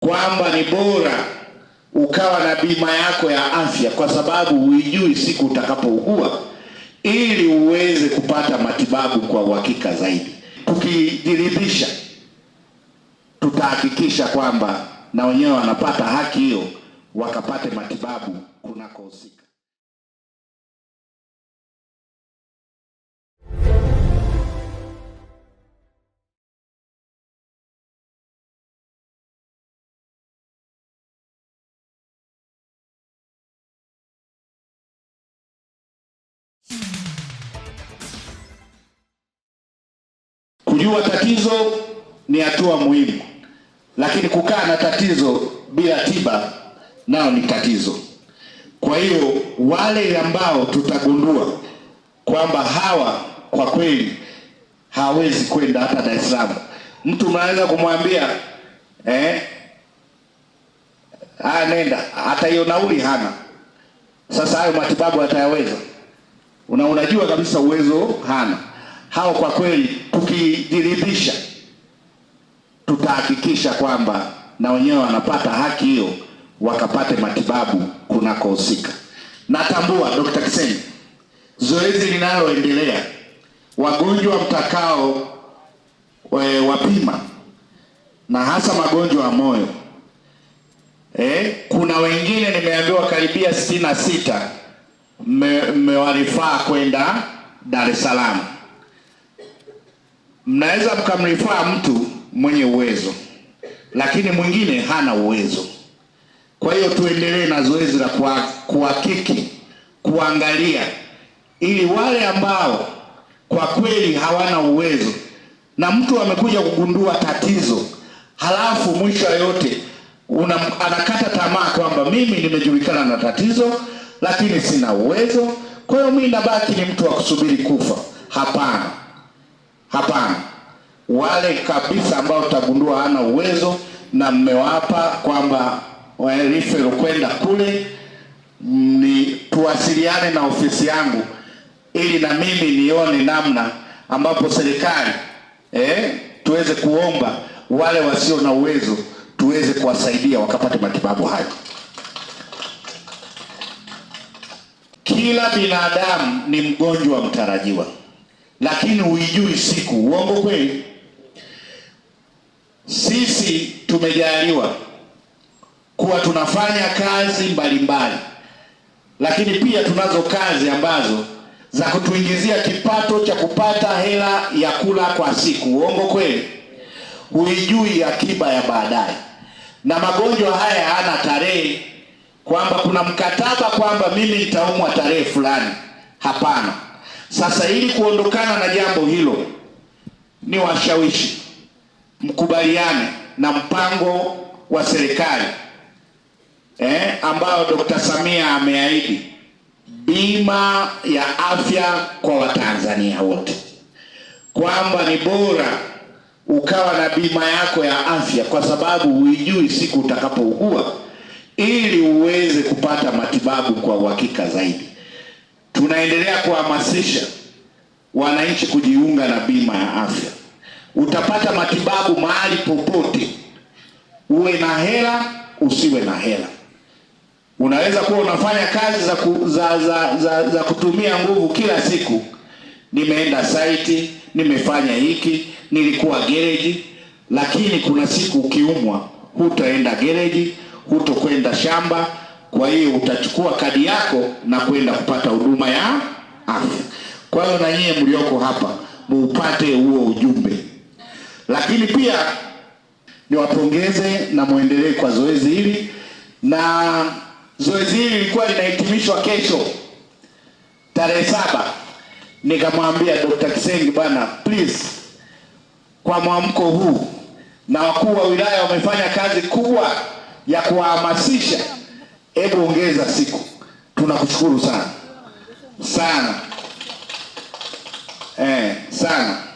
kwamba ni bora ukawa na bima yako ya afya, kwa sababu huijui siku utakapougua, ili uweze kupata matibabu kwa uhakika zaidi. Tukijiridhisha, tutahakikisha kwamba na wenyewe wanapata haki hiyo, wakapate matibabu kunakohusika. Kujua tatizo ni hatua muhimu, lakini kukaa na tatizo bila tiba nao ni tatizo. Kwa hiyo wale ambao tutagundua kwamba hawa kwa kweli hawezi kwenda hata Dar es Salaam, mtu unaweza kumwambia eh, haya nenda, hata hiyo nauli hana. Sasa hayo matibabu atayaweza? Una unajua kabisa uwezo hana hao kwa kweli tukijiridhisha, tutahakikisha kwamba na wenyewe wanapata haki hiyo, wakapate matibabu kunakohusika. Natambua Dr. Kiseni, zoezi linaloendelea wagonjwa mtakao we, wapima na hasa magonjwa ya moyo eh, kuna wengine nimeambiwa karibia sitini na sita mmewarifaa kwenda Dar es Salaam mnaweza mkamrifaa mtu mwenye uwezo, lakini mwingine hana uwezo. Kwa hiyo tuendelee na zoezi la kuhakiki, kuangalia ili wale ambao kwa kweli hawana uwezo na mtu amekuja kugundua tatizo, halafu mwisho yote una, anakata tamaa kwamba mimi nimejulikana na tatizo lakini sina uwezo, kwa hiyo mimi nabaki ni mtu wa kusubiri kufa. Hapana, hapana wale kabisa ambao utagundua hana uwezo na mmewapa kwamba referral kwenda kule, ni tuwasiliane na ofisi yangu ili na mimi nione namna ambapo serikali eh, tuweze kuomba wale wasio na uwezo tuweze kuwasaidia wakapate matibabu hayo. Kila binadamu ni mgonjwa mtarajiwa, lakini huijui siku. Uongo kweli? Sisi tumejaliwa kuwa tunafanya kazi mbalimbali mbali, lakini pia tunazo kazi ambazo za kutuingizia kipato cha kupata hela ya kula kwa siku. Uongo kweli? Huijui akiba ya baadaye, na magonjwa haya hayana tarehe kwamba kuna mkataba kwamba mimi nitaumwa tarehe fulani. Hapana. Sasa ili kuondokana na jambo hilo, ni washawishi mkubaliane na mpango wa serikali eh, ambayo Dkt. Samia ameahidi bima ya afya kwa Watanzania wote, kwamba ni bora ukawa na bima yako ya afya, kwa sababu huijui siku utakapougua, ili uweze kupata matibabu kwa uhakika zaidi. Tunaendelea kuhamasisha wananchi kujiunga na bima ya afya. Utapata matibabu mahali popote, uwe na hela usiwe na hela. Unaweza kuwa unafanya kazi za, ku, za, za, za, za kutumia nguvu kila siku, nimeenda saiti, nimefanya hiki, nilikuwa gereji, lakini kuna siku ukiumwa hutaenda gereji, hutokwenda shamba. Kwa hiyo utachukua kadi yako na kwenda kupata huduma ya afya. Kwa hiyo na nyie mlioko hapa muupate huo ujumbe. Lakini pia niwapongeze na muendelee kwa zoezi hili, na zoezi hili lilikuwa linahitimishwa kesho tarehe saba. Nikamwambia Dr. Kisengi, bwana please, kwa mwamko huu na wakuu wa wilaya wamefanya kazi kubwa ya kuwahamasisha, hebu ongeza siku. Tunakushukuru sana sana, eh, sana.